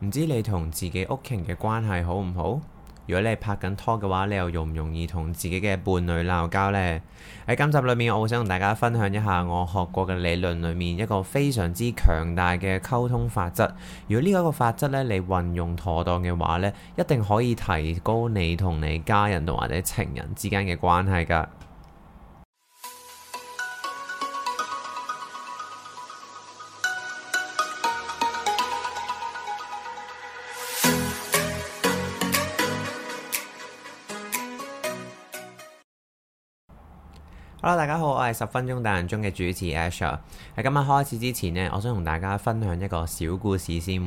唔知你同自己屋企人嘅關係好唔好？如果你拍緊拖嘅話，你又容唔容易同自己嘅伴侶鬧交呢？喺今集裏面，我好想同大家分享一下我學過嘅理論裏面一個非常之強大嘅溝通法則。如果呢一個法則咧，你運用妥當嘅話呢，一定可以提高你同你家人同或者情人之間嘅關係㗎。hello，大家好，我係十分鐘大人中嘅主持 Asher。喺今晚開始之前呢，我想同大家分享一個小故事先。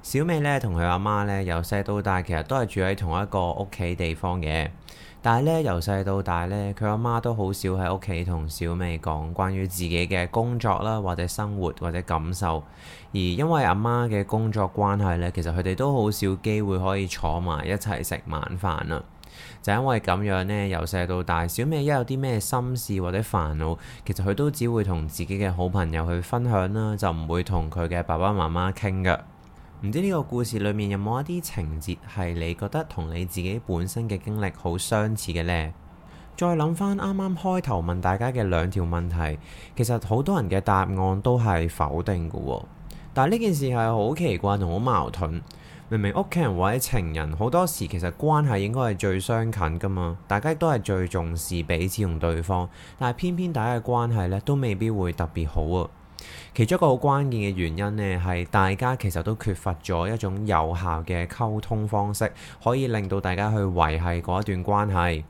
小美呢，同佢阿媽呢，由細到大其實都係住喺同一個屋企地方嘅。但係呢，由細到大呢，佢阿媽都好少喺屋企同小美講關於自己嘅工作啦，或者生活或者感受。而因為阿媽嘅工作關係呢，其實佢哋都好少機會可以坐埋一齊食晚飯啊。就因為咁樣呢，由細到大，小美一有啲咩心事或者煩惱，其實佢都只會同自己嘅好朋友去分享啦，就唔會同佢嘅爸爸媽媽傾嘅。唔知呢個故事裏面有冇一啲情節係你覺得同你自己本身嘅經歷好相似嘅呢？再諗返啱啱開頭問大家嘅兩條問題，其實好多人嘅答案都係否定嘅，但係呢件事係好奇怪同好矛盾。明明屋企人或者情人好多時其實關係應該係最相近噶嘛，大家都係最重視彼此同對方，但係偏偏大家嘅關係咧都未必會特別好啊。其中一個好關鍵嘅原因咧，係大家其實都缺乏咗一種有效嘅溝通方式，可以令到大家去維繫嗰一段關係。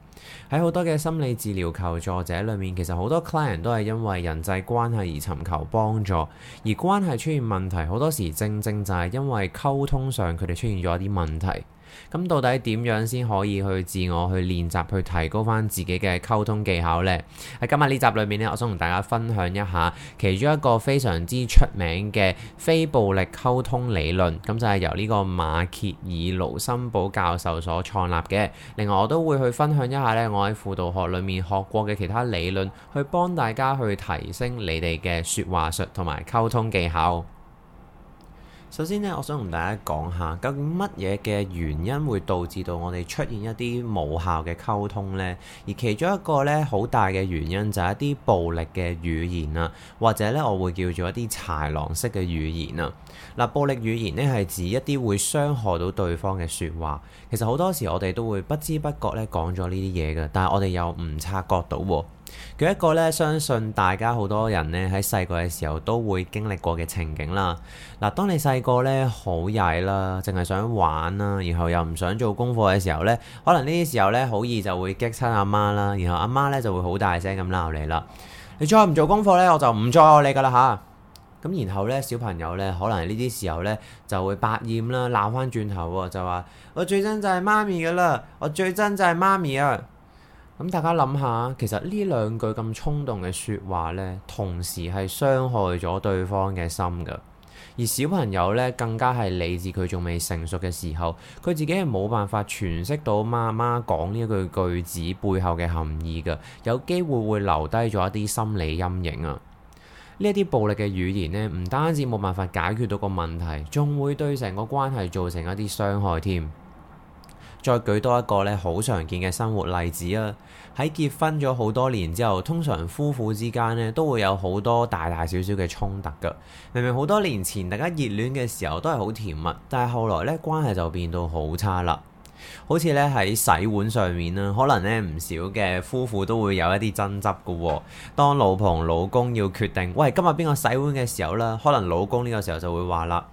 喺好多嘅心理治療求助者裏面，其實好多 client 都係因為人際關係而尋求幫助，而關係出現問題，好多時正正就係因為溝通上佢哋出現咗一啲問題。咁到底點樣先可以去自我去練習去提高翻自己嘅溝通技巧呢？喺今日呢集裏面呢，我想同大家分享一下其中一個非常之出名嘅非暴力溝通理論，咁就係由呢個馬歇爾盧森堡教授所創立嘅。另外，我都會去分享一下呢，我喺輔導學裏面學過嘅其他理論，去幫大家去提升你哋嘅說話術同埋溝通技巧。首先咧，我想同大家講下究竟乜嘢嘅原因會導致到我哋出現一啲無效嘅溝通呢？而其中一個呢，好大嘅原因就係一啲暴力嘅語言啊，或者呢，我會叫做一啲豺狼式嘅語言啊。暴力語言呢，係指一啲會傷害到對方嘅説話。其實好多時我哋都會不知不覺咧講咗呢啲嘢嘅，但係我哋又唔察覺到喎。佢一個咧，相信大家好多人呢，喺細個嘅時候都會經歷過嘅情景啦。嗱，當你細個呢，好曳啦，淨係想玩啦，然後又唔想做功課嘅時候呢，可能呢啲時候呢，好易就會激親阿媽啦，然後阿媽呢就會好大聲咁鬧你啦。你再唔做功課呢，我就唔再愛你噶啦吓。咁、啊、然後呢，小朋友呢，可能呢啲時候呢，就會百厭啦，鬧翻轉頭就話：我最憎就係媽咪噶啦，我最憎就係媽咪啊！咁大家諗下，其實呢兩句咁衝動嘅說話呢，同時係傷害咗對方嘅心噶。而小朋友呢，更加係理智佢仲未成熟嘅時候，佢自己係冇辦法詮釋到媽媽講呢一句句子背後嘅含義噶，有機會會留低咗一啲心理陰影啊。呢一啲暴力嘅語言呢，唔單止冇辦法解決到個問題，仲會對成個關係造成一啲傷害添。再舉多一個咧，好常見嘅生活例子啊！喺結婚咗好多年之後，通常夫婦之間呢都會有好多大大小小嘅衝突噶。明明好多年前大家熱戀嘅時候都係好甜蜜，但係後來呢關係就變到好差啦。好似呢喺洗碗上面呢，可能呢唔少嘅夫婦都會有一啲爭執噶喎。當老婆同老公要決定喂今日邊個洗碗嘅時候呢，可能老公呢個時候就會話啦：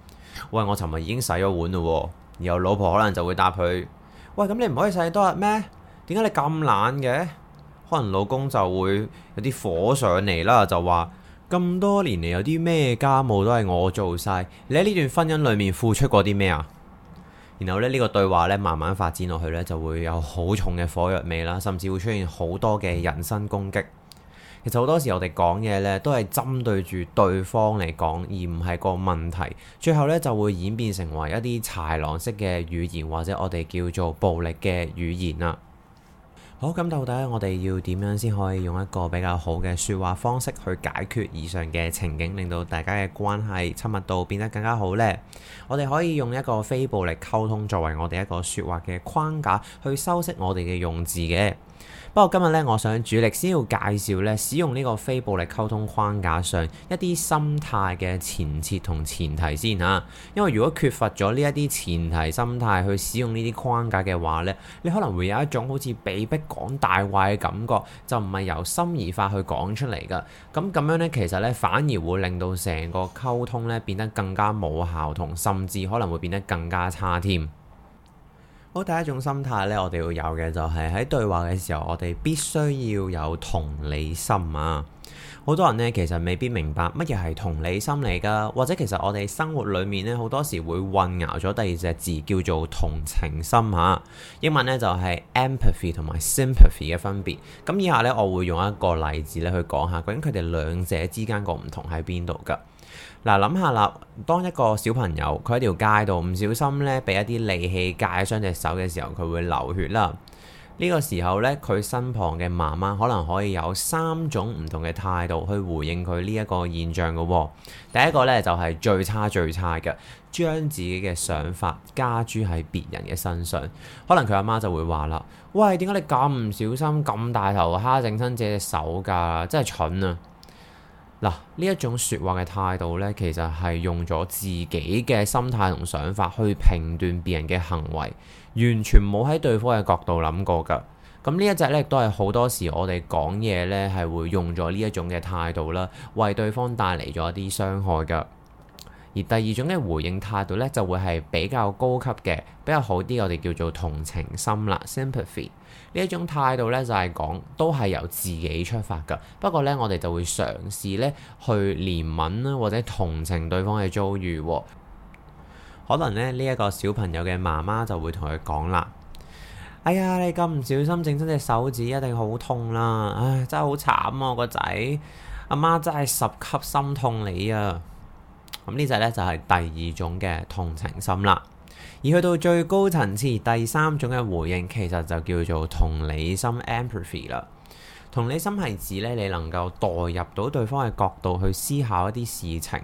喂，我尋日已經洗咗碗嘞。然後老婆可能就會答佢。喂，咁你唔可以細多日咩？點解你咁懶嘅？可能老公就會有啲火上嚟啦，就話咁多年嚟有啲咩家務都係我做晒，你喺呢段婚姻裏面付出過啲咩啊？然後咧呢、呢個對話咧慢慢發展落去咧，就會有好重嘅火藥味啦，甚至會出現好多嘅人身攻擊。其實好多時我哋講嘢呢，都係針對住對方嚟講，而唔係個問題。最後呢，就會演變成為一啲豺狼式嘅語言，或者我哋叫做暴力嘅語言啦。好，咁，到底我哋要點樣先可以用一個比較好嘅說話方式去解決以上嘅情景，令到大家嘅關係親密度變得更加好呢？我哋可以用一個非暴力溝通作為我哋一個說話嘅框架，去修飾我哋嘅用字嘅。不過今日咧，我想主力先要介紹咧，使用呢個非暴力溝通框架上一啲心態嘅前設同前提先吓。因為如果缺乏咗呢一啲前提心態去使用呢啲框架嘅話咧，你可能會有一種好似被逼講大話嘅感覺，就唔係由心而發去講出嚟噶。咁咁樣咧，其實咧反而會令到成個溝通咧變得更加冇效，同甚至可能會變得更加差添。好，第一種心態咧，我哋要有嘅就係喺對話嘅時候，我哋必須要有同理心啊！好多人呢，其實未必明白乜嘢係同理心嚟噶，或者其實我哋生活裏面呢，好多時會混淆咗第二隻字叫做同情心吓。英文呢，就係 empathy 同埋 sympathy 嘅分別。咁以下呢，我會用一個例子咧去講下，究竟佢哋兩者之間個唔同喺邊度噶。嗱，諗下啦，當一個小朋友佢喺條街度唔小心咧，俾一啲利器割傷隻手嘅時候，佢會流血啦。呢個時候咧，佢身旁嘅媽媽可能可以有三種唔同嘅態度去回應佢呢一個現象嘅喎。第一個咧就係最差最差嘅，將自己嘅想法加諸喺別人嘅身上。可能佢阿媽就會話啦：喂，點解你咁唔小心咁大頭蝦整親隻手噶？真係蠢啊！嗱，呢一種說話嘅態度呢，其實係用咗自己嘅心態同想法去評斷別人嘅行為，完全冇喺對方嘅角度諗過㗎。咁呢一隻呢，都係好多時我哋講嘢呢，係會用咗呢一種嘅態度啦，為對方帶嚟咗一啲傷害㗎。而第二種嘅回應態度咧，就會係比較高級嘅，比較好啲，我哋叫做同情心啦 （sympathy）。呢一種態度咧，就係講都係由自己出發噶。不過咧，我哋就會嘗試咧去憐憫啦，或者同情對方嘅遭遇。可能咧，呢一個小朋友嘅媽媽就會同佢講啦：哎呀，你咁唔小心整親隻手指，一定好痛啦！唉，真係好慘喎，個仔，阿媽真係十級心痛你啊！咁呢隻咧就係第二種嘅同情心啦，而去到最高層次，第三種嘅回應，其實就叫做同理心 （empathy） 啦。同理心係指咧，你能夠代入到對方嘅角度去思考一啲事情。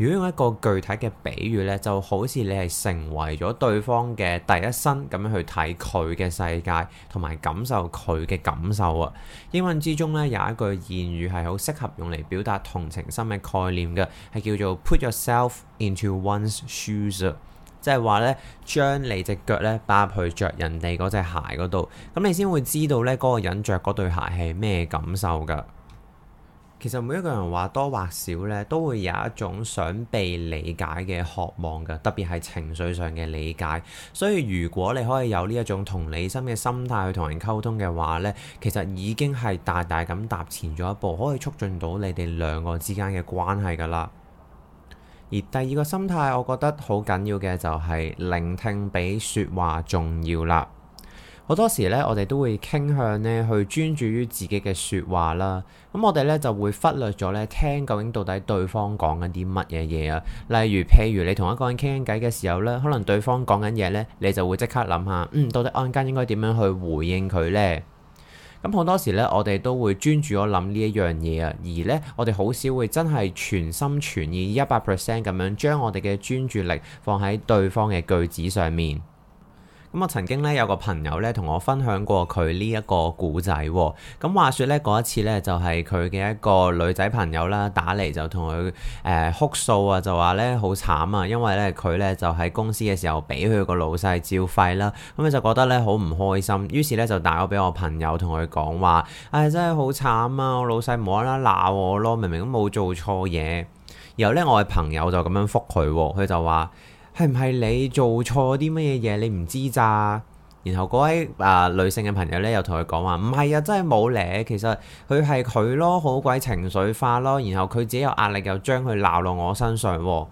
如果用一個具體嘅比喻呢，就好似你係成為咗對方嘅第一身咁樣去睇佢嘅世界，同埋感受佢嘅感受啊！英文之中呢，有一句諺語係好適合用嚟表達同情心嘅概念嘅，係叫做 Put yourself into one’s shoes，即係話呢，將你隻腳呢擺入去着人哋嗰隻鞋嗰度，咁你先會知道呢嗰、嗰個人着嗰對鞋係咩感受㗎。其實每一個人或多或少咧，都會有一種想被理解嘅渴望嘅，特別係情緒上嘅理解。所以如果你可以有呢一種同理心嘅心態去同人溝通嘅話呢，其實已經係大大咁踏前咗一步，可以促進到你哋兩個之間嘅關係噶啦。而第二個心態，我覺得好緊要嘅就係聆聽比說話重要啦。好多時咧，我哋都會傾向咧去專注於自己嘅說話啦。咁我哋咧就會忽略咗咧聽究竟到底對方講緊啲乜嘢嘢啊。例如，譬如你同一個人傾緊偈嘅時候咧，可能對方講緊嘢咧，你就會即刻諗下，嗯，到底我應該點樣去回應佢呢？咁好多時咧，我哋都會專注咗諗呢一樣嘢啊。而咧，我哋好少會真係全心全意一百 percent 咁樣將我哋嘅專注力放喺對方嘅句子上面。咁我曾經咧有個朋友咧同我分享過佢呢一個故仔，哦。咁話說咧嗰一次咧就係佢嘅一個女仔朋友啦，打嚟就同佢誒哭訴啊，就話咧好慘啊，因為咧佢咧就喺公司嘅時候俾佢個老細照肺啦，咁佢就覺得咧好唔開心，於是咧就打咗俾我朋友同佢講話，唉、哎、真係好慘啊，我老細冇啦啦鬧我咯，明明都冇做錯嘢。然後咧我嘅朋友就咁樣覆佢，哦，佢就話。係唔係你做錯啲乜嘢嘢？你唔知咋？然後嗰位啊、呃、女性嘅朋友咧，又同佢講話：唔係啊，真係冇咧。其實佢係佢咯，好鬼情緒化咯。然後佢自己有壓力，又將佢鬧落我身上。咁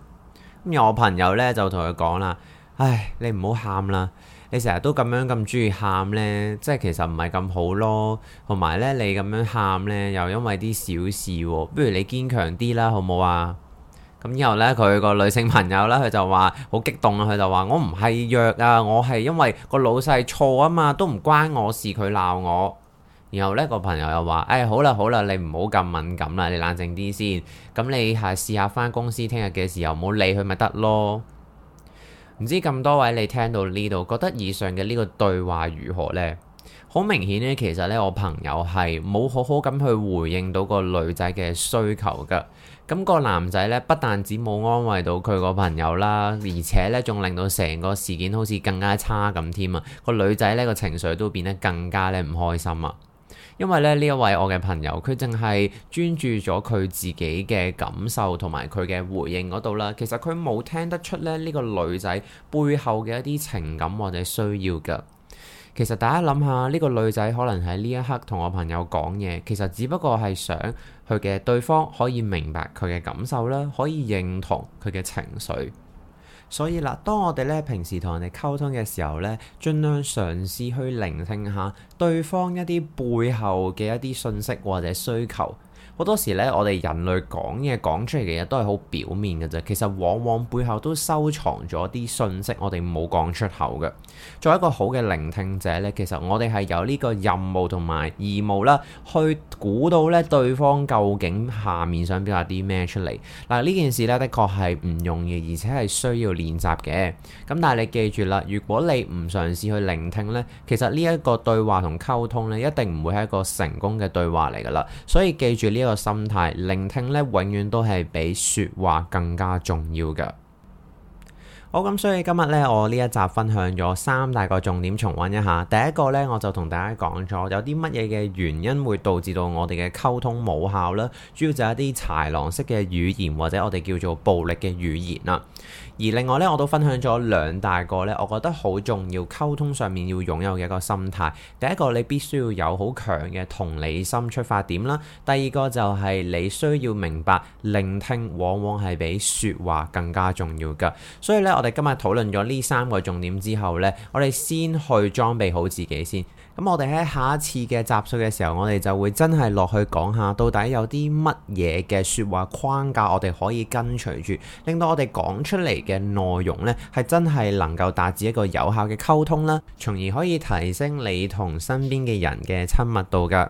有我朋友咧就同佢講啦：唉，你唔好喊啦！你成日都咁樣咁中意喊咧，即係其實唔係咁好咯。同埋咧，你咁樣喊咧，又因為啲小事，不如你堅強啲啦，好唔好啊？咁然後呢，佢個女性朋友呢，佢就話：「好激動啊！」佢就話：我唔係約啊，我係因為個老細錯啊嘛，都唔關我事，佢鬧我。然後呢個朋友又話：唉、哎，好啦好啦，你唔好咁敏感啦，你冷靜啲先。咁你係試下返公司聽日嘅時候唔好理佢咪得咯。唔知咁多位你聽到呢度，覺得以上嘅呢個對話如何呢？好明顯咧，其實咧我朋友係冇好好咁去回應到個女仔嘅需求噶。咁個男仔咧不但止冇安慰到佢個朋友啦，而且咧仲令到成個事件好似更加差咁添啊！個女仔咧個情緒都變得更加咧唔開心啊，因為咧呢一位我嘅朋友，佢淨係專注咗佢自己嘅感受同埋佢嘅回應嗰度啦。其實佢冇聽得出咧呢個女仔背後嘅一啲情感或者需要噶。其實大家諗下，呢個女仔可能喺呢一刻同我朋友講嘢，其實只不過係想佢嘅對方可以明白佢嘅感受啦，可以認同佢嘅情緒。所以啦，當我哋咧平時同人哋溝通嘅時候咧，盡量嘗試去聆聽下對方一啲背後嘅一啲信息或者需求。好多時呢，我哋人類講嘢講出嚟嘅嘢都係好表面嘅啫，其實往往背後都收藏咗啲信息，我哋冇講出口嘅。作為一個好嘅聆聽者呢，其實我哋係有呢個任務同埋義務啦，去估到呢對方究竟下面想表達啲咩出嚟。嗱呢件事呢，的確係唔容易，而且係需要練習嘅。咁但係你記住啦，如果你唔嘗試去聆聽呢，其實呢一個對話同溝通呢，一定唔會係一個成功嘅對話嚟噶啦。所以記住呢個。個心態聆聽咧，永遠都係比說話更加重要嘅。好咁，所以今日咧，我呢一集分享咗三大個重點，重溫一下。第一個咧，我就同大家講咗，有啲乜嘢嘅原因會導致到我哋嘅溝通冇效啦，主要就係一啲豺狼式嘅語言或者我哋叫做暴力嘅語言啦。而另外咧，我都分享咗兩大個咧，我覺得好重要溝通上面要擁有嘅一個心態。第一個，你必須要有好強嘅同理心出發點啦。第二個就係你需要明白，聆聽往往係比說話更加重要嘅。所以咧。我哋今日討論咗呢三個重點之後呢，我哋先去裝備好自己先。咁我哋喺下一次嘅集數嘅時候，我哋就會真係落去講下到底有啲乜嘢嘅說話框架，我哋可以跟隨住，令到我哋講出嚟嘅內容呢，係真係能夠達至一個有效嘅溝通啦，從而可以提升你同身邊嘅人嘅親密度㗎。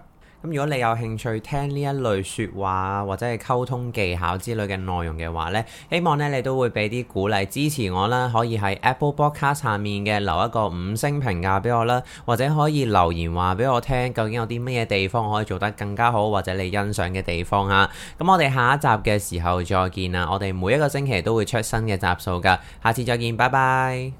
如果你有興趣聽呢一類説話，或者係溝通技巧之類嘅內容嘅話，呢希望呢你都會俾啲鼓勵支持我啦。可以喺 Apple Podcast 上面嘅留一個五星評價俾我啦，或者可以留言話俾我聽，究竟有啲咩地方可以做得更加好，或者你欣賞嘅地方啊。咁我哋下一集嘅時候再見啦！我哋每一個星期都會出新嘅集數噶，下次再見，拜拜。